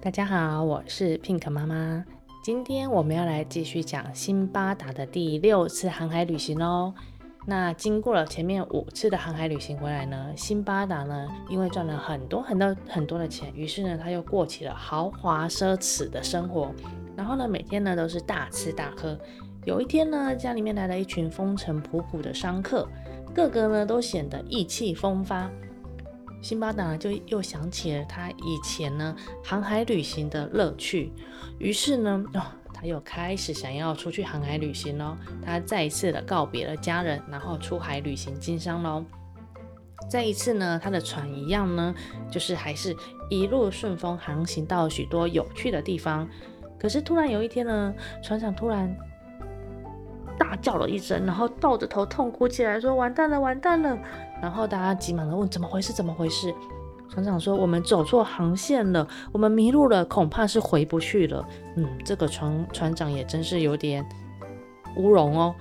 大家好，我是 Pink 媽媽。今天我們要來繼續講辛巴達的第六次航海旅行哦。那經過了前面五次的航海旅行回來呢，辛巴達呢，因為賺了很多很多很多的錢，於是呢，他又過起了豪華奢侈的生活。然後呢，每天呢都是大吃大喝。有一天呢，家裡面來了一群風塵僕僕的商客，個個呢都顯得意氣風發。辛巴達呢就又想起了他以前呢航海旅行的樂趣，於是呢。哦他又開始想要出去航海旅行嘍，哦，他再一次的告別了家人，然後出海旅行經商嘍。再一次呢，他的船一樣呢，就是還是一路順風航行到許多有趣的地方。可是突然有一天呢，船長突然大叫了一聲，然後抱着頭痛哭起來，說：“完蛋了，完蛋了！”然後大家急忙的問：“怎麼回事？怎麼回事？”船長說：“我們走錯航線了，我們迷路了，恐怕是回不去了。”嗯，這個船船長也真是有點烏龍哦。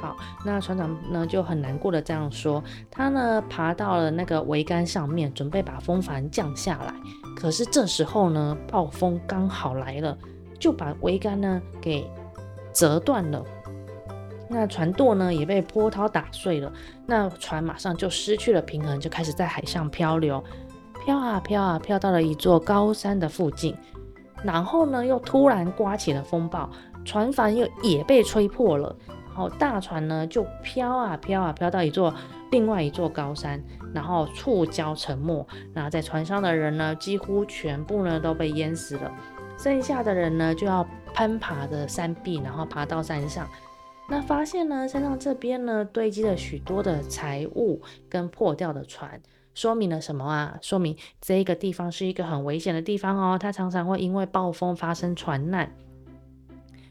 好，那船長呢就很難過的這樣說。他呢爬到了那個桅杆上面，準備把風帆降下來。可是這時候呢，暴風剛好來了，就把桅杆呢給折斷了。那船舵呢也被波濤打碎了。那船馬上就失去了平衡，就開始在海上漂流。飄啊飄啊，飄到了一座高山的附近，然後呢，又突然颳起了風暴，船帆又也被吹破了。然後大船呢，就飄啊飄啊，飄到一座另外一座高山，然後觸礁沉沒。那在船上的人呢，幾乎全部呢都被淹死了。剩下的人呢，就要攀爬的山壁，然後爬到山上。那發現呢，山上這邊呢，堆積了許多的財物跟破掉的船。說明了什麼啊？說明這個地方是一個很危險的地方哦，它常常會因為暴風發生船難。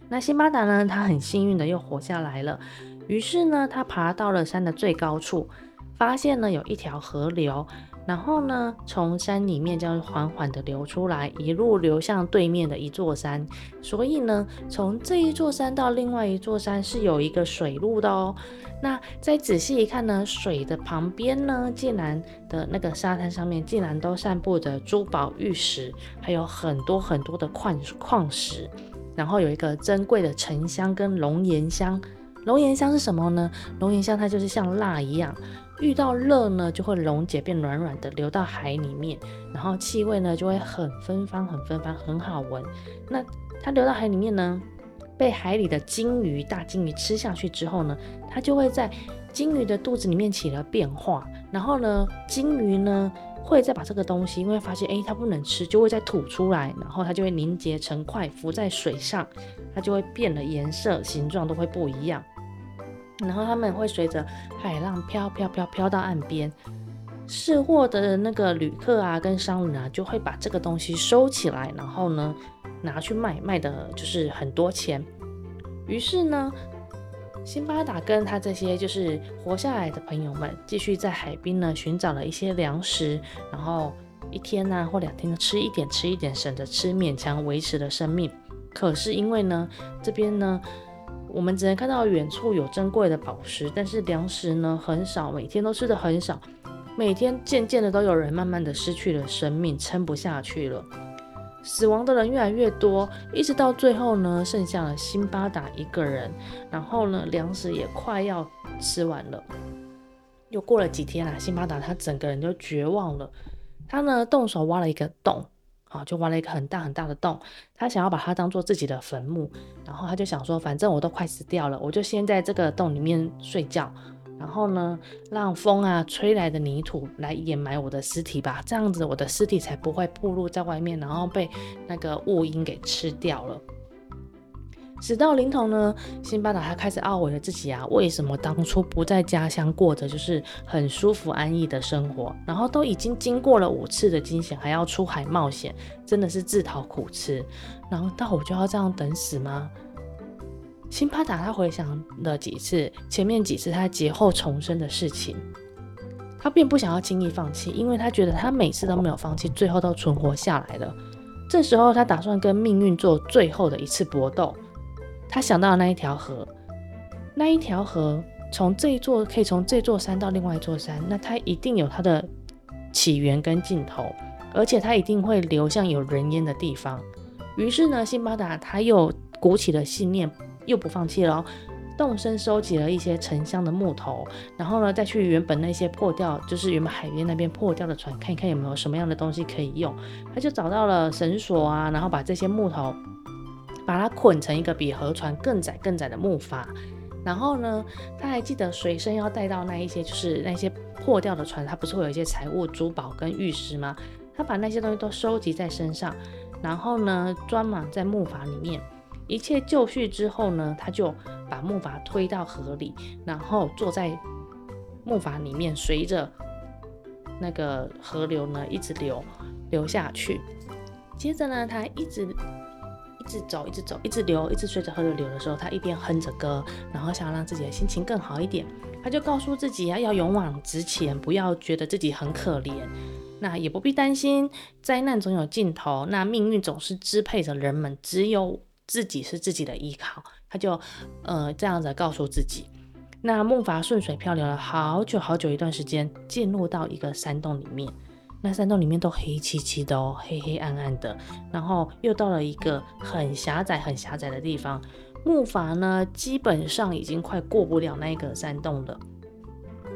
那辛巴達呢？他很幸運的又活下來了。於是呢，他爬到了山的最高處，發現呢有一條河流。然後呢，從山裡面這樣緩緩地流出來，一路流向對面的一座山。所以呢，從這一座山到另外一座山是有一個水路的哦。那再仔細一看呢，水的旁邊呢，竟然的那個沙灘上面竟然都散佈着珠寶玉石，還有很多很多的礦礦石，然後有一個珍貴的沉香跟龍涎香。龍涎香是什麼呢？龍涎香它就是像蠟一樣，遇到熱呢就會溶解變軟軟的流到海裡面，然後氣味呢就會很芬芳、很芬芳、很好聞。那它流到海裡面呢，被海裡的鯨魚、大鯨魚吃下去之後呢，它就會在鯨魚的肚子裡面起了變化。然後呢，鯨魚呢會再把這個東西，因為發現誒、欸、它不能吃，就會再吐出來，然後它就會凝結成塊浮在水上，它就會變了顏色、形狀都會不一樣。然後他們會隨着海浪飄飄飄飄到岸邊，試貨的那個旅客啊，跟商人啊，就會把這個東西收起來，然後呢拿去賣，賣的就是很多錢。於是呢，辛巴達跟他這些就是活下來的朋友們，繼續在海邊呢尋找了一些糧食，然後一天呢、啊、或兩天呢吃一點吃一點，省着吃勉強維持了生命。可是因為呢，這邊呢。我們只能看到遠處有珍貴的寶石，但是糧食呢很少，每天都吃得很少，每天漸漸的都有人慢慢的失去了生命，撐不下去了，死亡的人越來越多，一直到最後呢，剩下了辛巴達一個人，然後呢，糧食也快要吃完了，又過了幾天啦，啊，辛巴達他整個人就絕望了，他呢動手挖了一個洞。啊，就挖了一個很大很大的洞，他想要把它當做自己的墳墓。然後他就想說，反正我都快死掉了，我就先在這個洞裡面睡覺。然後呢，讓風啊吹來的泥土來掩埋我的屍體吧，這樣子我的屍體才不會暴露在外面，然後被那個兀鷹給吃掉了。死到臨頭呢，辛巴達他開始懊悔了自己啊，為什麼當初不在家鄉過着就是很舒服安逸的生活？然後都已經經過了五次的驚險，還要出海冒險，真的是自討苦吃。然後到我就要這樣等死嗎？辛巴達他回想了幾次前面幾次他劫後重生的事情，他並不想要輕易放棄，因為他覺得他每次都沒有放棄，最後都存活下來了。這時候他打算跟命運做最後的一次搏鬥。他想到的那一條河，那一條河從這座可以從這座山到另外一座山，那它一定有它的起源跟盡頭，而且它一定會流向有人煙的地方。於是呢，辛巴達他又鼓起了信念，又不放棄了，動身收集了一些沉香的木頭，然後呢再去原本那些破掉，就是原本海邊那邊破掉的船，看一看有沒有什麼樣的東西可以用。他就找到了繩索啊，然後把這些木頭。把它捆成一個比河船更窄更窄的木筏，然後呢，他還記得隨身要帶到那一些就是那些破掉的船，他不是會有一些財物、珠寶跟玉石嗎？他把那些東西都收集在身上，然後呢，裝滿在木筏裡面。一切就緒之後呢，他就把木筏推到河裡，然後坐在木筏裡面，隨着那個河流呢一直流，流下去。接着呢，他一直。一直走，一直走，一直流，一直隨着河流流的時候，他一邊哼着歌，然後想要讓自己的心情更好一點，他就告訴自己啊，要勇往直前，不要覺得自己很可憐，那也不必擔心，災難總有盡頭，那命運總是支配着人們，只有自己是自己的依靠，他就呃這樣子告訴自己。那木筏順水漂流了好久好久一段時間，進入到一個山洞裡面。那山洞裡面都黑漆漆的哦，黑黑暗暗的，然後又到了一個很狹窄、很狹窄的地方，木筏呢，基本上已經快過不了那個山洞了。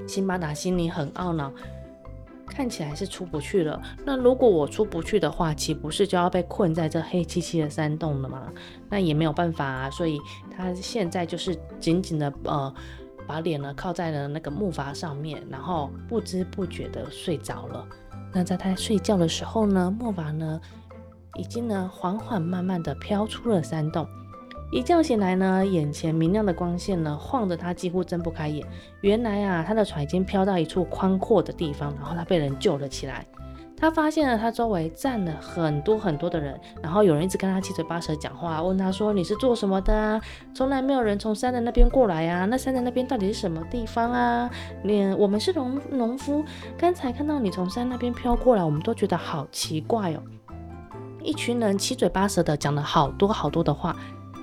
辛巴達心裡很懊惱，看起來是出不去了。那如果我出不去的話，豈不是就要被困在這黑漆漆的山洞了嗎？那也沒有辦法啊。所以他現在就是緊緊的呃，把臉呢靠在了那個木筏上面，然後不知不覺的睡着了。那在他睡覺的時候呢，木筏呢已經呢緩緩慢慢地飄出了山洞。一覺醒來呢，眼前明亮的光線呢晃得他幾乎睜不開眼。原來啊，他的船已經飄到一處寬闊的地方，然後他被人救了起來。他發現了，他周圍站了很多很多的人，然後有人一直跟他七嘴八舌講話，問他說：“你是做什麼的啊？從來沒有人從山的那邊過來呀、啊？那山的那邊到底是什麼地方啊？”“嗯，我們是農農夫，剛才看到你從山那邊飄過來，我們都覺得好奇怪哦。”一群人七嘴八舌的講了好多好多的話，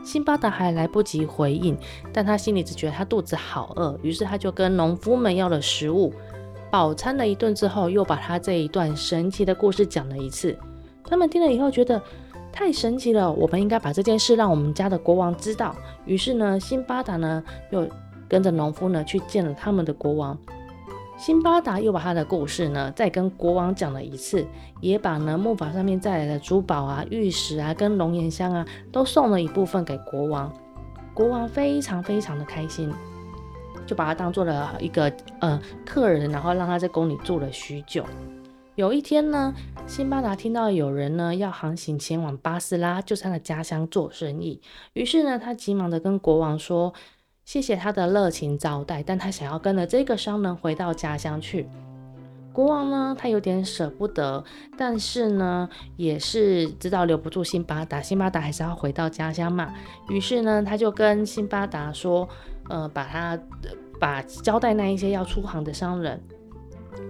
辛巴達還來不及回應，但他心裡只覺得他肚子好餓，於是他就跟農夫們要了食物。飽餐了一頓之後，又把他這一段神奇的故事講了一次。他們聽了以後，覺得太神奇了。我們應該把這件事讓我們家的國王知道。於是呢，辛巴達呢，又跟着農夫呢去見了他們的國王。辛巴達又把他的故事呢，再跟國王講了一次，也把呢木筏上面帶來的珠寶啊、玉石啊、跟龍涎香啊，都送了一部分給國王。國王非常非常的開心。就把他當做了一個呃客人，然後讓他在宮裡住了許久。有一天呢，辛巴達聽到有人呢要航行前往巴斯拉，就是他的家鄉做生意。於是呢，他急忙的跟國王說：“謝謝他的熱情招待，但他想要跟着這個商人回到家鄉去。”國王呢，他有點捨不得，但是呢，也是知道留不住辛巴達，辛巴達還是要回到家鄉嘛。於是呢，他就跟辛巴達說，呃，把他把交代那一些要出航的商人，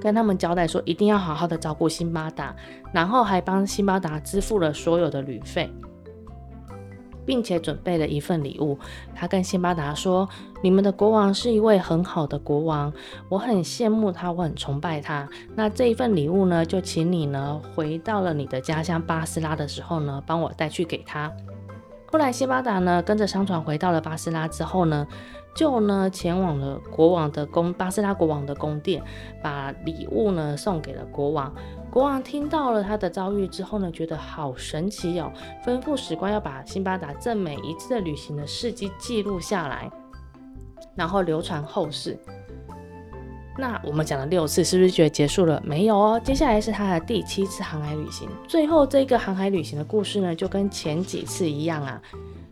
跟他們交代說，一定要好好的照顧辛巴達，然後還幫辛巴達支付了所有的旅費，並且準備了一份禮物。他跟辛巴達說：“你們的國王是一位很好的國王，我很羨慕他，我很崇拜他。那這一份禮物呢，就請你呢，回到了你的家鄉巴斯拉的時候呢，幫我帶去給他。”後來，辛巴達呢跟着商船回到了巴斯拉之後呢，就呢前往了國王的宮，巴斯拉國王的宮殿，把禮物呢送給了國王。國王聽到了他的遭遇之後呢，覺得好神奇喲、哦，吩咐史官要把辛巴達這每一次的旅行的事跡記錄下來，然後流傳後世。那我們講了六次，是不是覺得結束了？沒有哦，接下來是他的第七次航海旅行。最後這個航海旅行的故事呢，就跟前幾次一樣啊。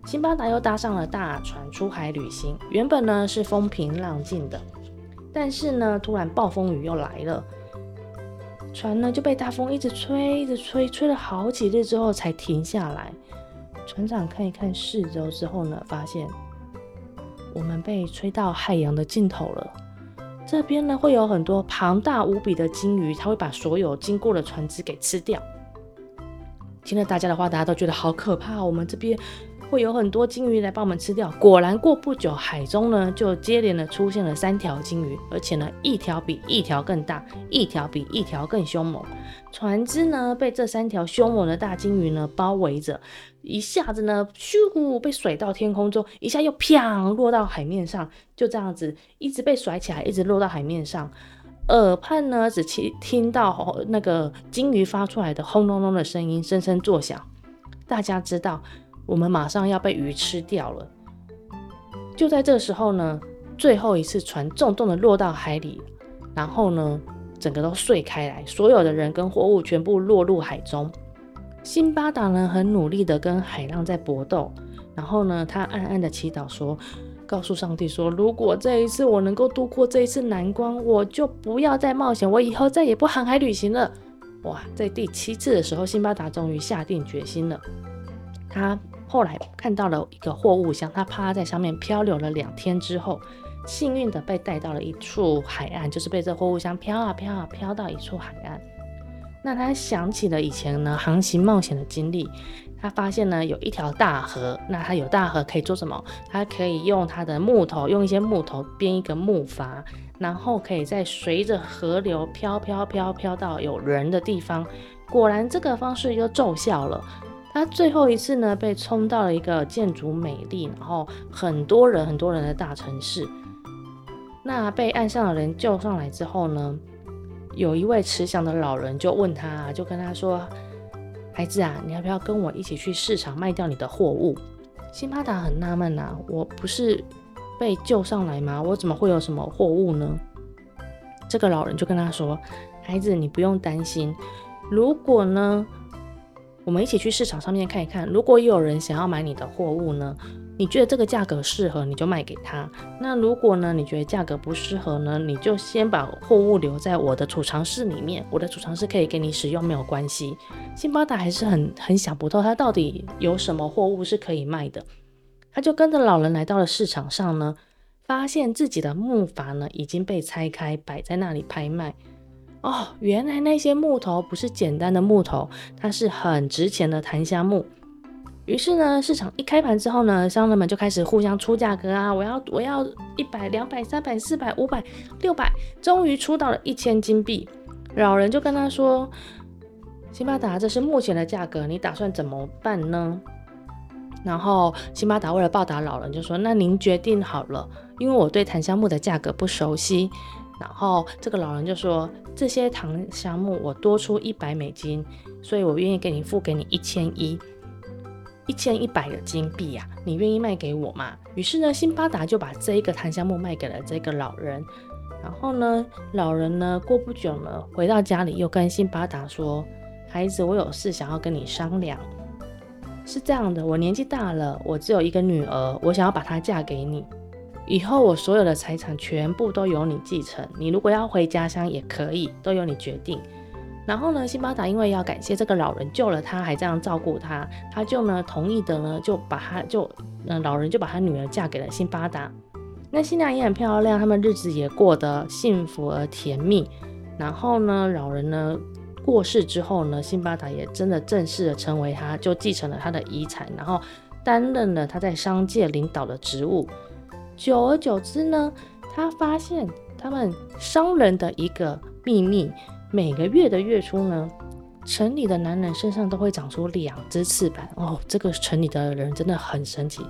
辛巴達又搭上了大船出海旅行，原本呢是風平浪靜的，但是呢突然暴風雨又來了，船呢就被大風一直吹，一直吹，吹了好幾日之後才停下來。船長看一看四周之後呢，發現我們被吹到海洋的盡頭了。這邊呢，會有很多龐大無比的鯨魚，它會把所有經過的船只給吃掉。聽了大家的話，大家都覺得好可怕。我們這邊。會有很多鯨魚來幫我們吃掉。果然，過不久，海中呢就接連的出現了三條鯨魚，而且呢一條比一條更大，一條比一條更兇猛。船只呢被這三條兇猛的大鯨魚呢包圍着，一下子呢咻，被甩到天空中，一下又啪，落到海面上，就這樣子一直被甩起來，一直落到海面上。耳畔呢只聽聽到那個鯨魚發出來的轟隆隆的聲音，聲聲作響。大家知道。我們馬上要被魚吃掉了！就在這時候呢，最後一次船重重的落到海裡，然後呢，整個都碎開來，所有的人跟貨物全部落入海中。辛巴達呢，很努力的跟海浪在搏鬥，然後呢，他暗暗的祈禱說：“告訴上帝說，如果這一次我能夠度過這一次難關，我就不要再冒險，我以後再也不航海旅行了。”哇，在第七次的時候，辛巴達終於下定決心了。他。後來看到了一個貨物箱，他趴在上面漂流了兩天之後，幸運的被帶到了一處海岸，就是被這貨物箱飄啊飄啊飄到一處海岸。那他想起了以前呢航行，冒險的經歷，他發現呢有一條大河，那他有大河可以做什麼？他可以用他的木頭，用一些木頭編一個木筏，然後可以再隨着河流飄飄飄飄飄到有人的地方。果然這個方式又奏效了。他最後一次呢，被衝到了一個建築美麗，然後很多人很多人的大城市。那被岸上的人救上來之後呢，有一位慈祥的老人就問他，就跟他說：“孩子啊，你要不要跟我一起去市場賣掉你的貨物？”辛巴達很納悶啊，我不是被救上來嗎？我怎麼會有什麼貨物呢？這個老人就跟他說：“孩子，你不用擔心，如果呢？”我們一起去市場上面看一看。如果有人想要買你的貨物呢，你覺得這個價格適合，你就賣給他。那如果呢，你覺得價格不適合呢，你就先把貨物留在我的儲藏室裡面。我的儲藏室可以給你使用，沒有關係。辛巴達還是很很想不透，他到底有什麼貨物是可以賣的。他就跟着老人來到了市場上呢，發現自己的木筏呢已經被拆開，擺在那裡拍賣。哦，原來那些木頭不是簡單的木頭，它是很值錢的檀香木。於是呢，市場一開盤之後呢，商人們就開始互相出價格啊，我要我要一百、兩百、三百、四百、五百、六百，終於出到了一千金幣。老人就跟他說：“辛巴達，這是目前的價格，你打算怎麼辦呢？”然後辛巴達為了報答老人，就說：“那您決定好了，因為我對檀香木的價格不熟悉。”然後這個老人就說：“這些檀香木我多出一百美金，所以我願意給你付給你一千一，一千一百的金幣呀、啊，你願意賣給我嗎？”於是呢，辛巴達就把這一個檀香木賣給了這個老人。然後呢，老人呢過不久呢，回到家裡又跟辛巴達說：“孩子，我有事想要跟你商量。是這樣的，我年紀大了，我只有一個女兒，我想要把她嫁給你。”以後我所有的財產全部都由你繼承。你如果要回家鄉也可以，都由你決定。然後呢，辛巴達因為要感謝這個老人救了他，還這樣照顧他，他就呢同意的呢，就把他就嗯、呃、老人就把他女兒嫁給了辛巴達。那新娘也很漂亮，他們日子也過得幸福而甜蜜。然後呢，老人呢過世之後呢，辛巴達也真的正式的成為他，就繼承了他的遺產，然後擔任了他在商界領導的職務。久而久之呢，他發現他們商人的一個秘密：每個月的月初呢，城裡的男人身上都會長出兩隻翅膀。哦，這個城裡的人真的很神奇。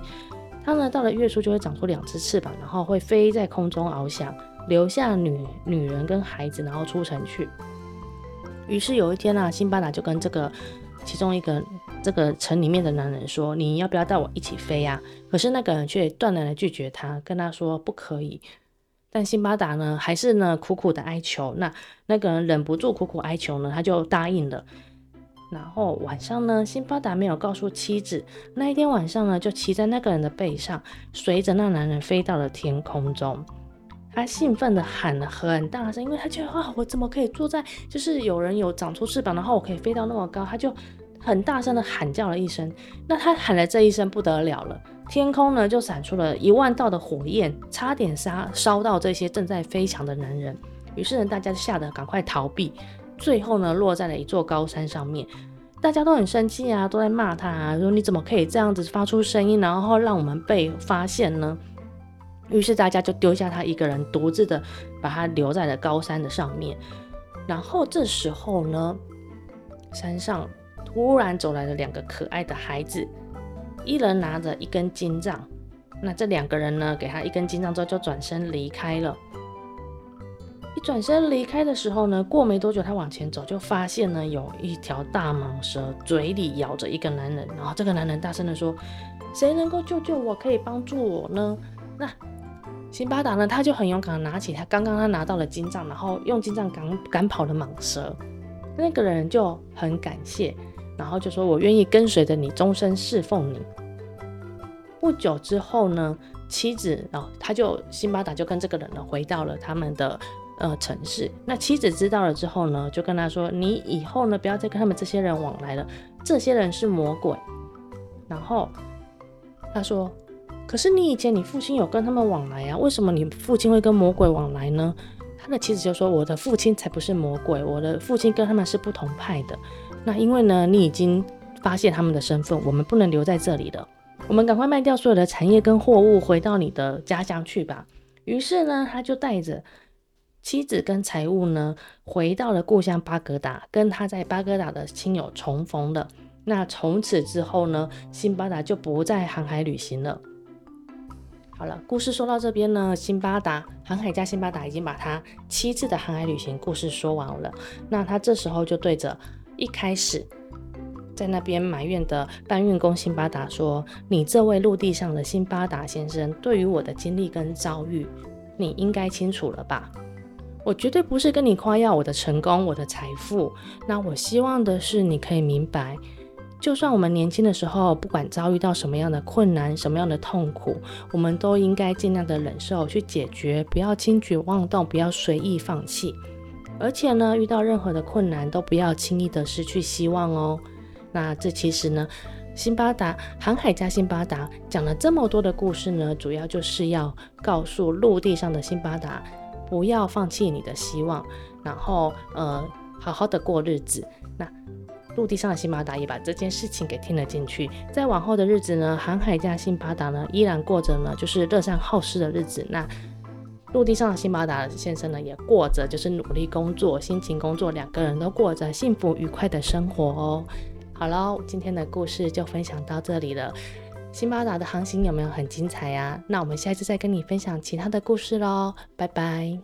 他呢，到了月初就會長出兩隻翅膀，然後會飛在空中翱翔，留下女女人跟孩子，然後出城去。於是有一天啊，辛巴達就跟這個。其中一個這個城裡面的男人說：“你要不要帶我一起飛呀？”可是那個人卻斷然的拒絕他，跟他說不可以。但辛巴達呢，還是呢苦苦的哀求。那那個人忍不住苦苦哀求呢，他就答應了。然後晚上呢，辛巴達沒有告訴妻子，那一天晚上呢，就騎在那個人的背上，隨着那男人飛到了天空中。他興奮地喊了很大聲，因為他覺得哇、啊，我怎麼可以坐在，就是有人有長出翅膀，然後我可以飛到那麼高？他就很大聲地喊叫了一聲。那他喊了這一聲不得了了，天空呢就閃出了一萬道的火焰，差點燒燒到這些正在飛翔的男人，人。於是呢，大家嚇得趕快逃避，最後呢落在了一座高山上面。大家都很生氣啊，都在罵他，啊，說你怎麼可以這樣子發出聲音，然後讓我們被發現呢？於是大家就丟下他一個人，獨自的把他留在了高山的上面。然後這時候呢，山上突然走來了兩個可愛的孩子，一人拿着一根金杖。那這兩個人呢，給他一根金杖之後就轉身離開了。一轉身離開的時候呢，過沒多久他往前走就發現呢，有一條大蟒蛇嘴裡咬着一個男人，然後這個男人大聲的說：“誰能夠救救我，可以幫助我呢？”那辛巴達呢，他就很勇敢的拿起他剛剛他拿到了金杖，然後用金杖趕趕跑了蟒蛇。那個人就很感謝，然後就說：“我願意跟隨着你，終身侍奉你。”不久之後呢，妻子啊、哦，他就辛巴達就跟這個人呢回到了他們的呃城市。那妻子知道了之後呢，就跟他說：“你以後呢，不要再跟他們這些人往來了，這些人是魔鬼。”然後他說。可是，你以前你父親有跟他們往來啊？為什麼你父親會跟魔鬼往來呢？他的妻子就說：“我的父親才不是魔鬼，我的父親跟他們是不同派的。”那因為呢，你已經發現他們的身份，我們不能留在這裡了，我們趕快賣掉所有的產業跟貨物，回到你的家鄉去吧。於是呢，他就帶着妻子跟財物呢，回到了故鄉巴格達，跟他在巴格達的親友重逢了。那從此之後呢，辛巴達就不再航海旅行了。好了，故事說到這邊呢，辛巴達航海家辛巴達已經把他七次的航海旅行故事說完了。那他這時候就對着一開始在那邊埋怨的搬運工辛巴達說：“你這位陸地上的辛巴達先生，對於我的經歷跟遭遇，你應該清楚了吧？我絕對不是跟你誇耀我的成功、我的財富。那我希望的是，你可以明白。”就算我們年輕的時候，不管遭遇到什麼樣的困難、什麼樣的痛苦，我們都應該儘量的忍受、去解決，不要輕舉妄動，不要隨意放棄。而且呢，遇到任何的困難，都不要輕易的失去希望哦。那這其實呢，辛巴達航海家辛巴達講了這麼多的故事呢，主要就是要告訴陸地上的辛巴達，不要放棄你的希望，然後呃，好好的過日子。那。陸地上的辛巴達也把這件事情給聽了進去。在往後的日子呢，航海家辛巴達呢依然過着呢就是樂善好施的日子。那陸地上的辛巴達先生呢也過着就是努力工作、辛勤工作，兩個人都過着幸福愉快的生活哦。好嘍，今天的故事就分享到這裡了。辛巴達的航行有沒有很精彩呀、啊？那我們下一次再跟你分享其他的故事嘍。拜拜。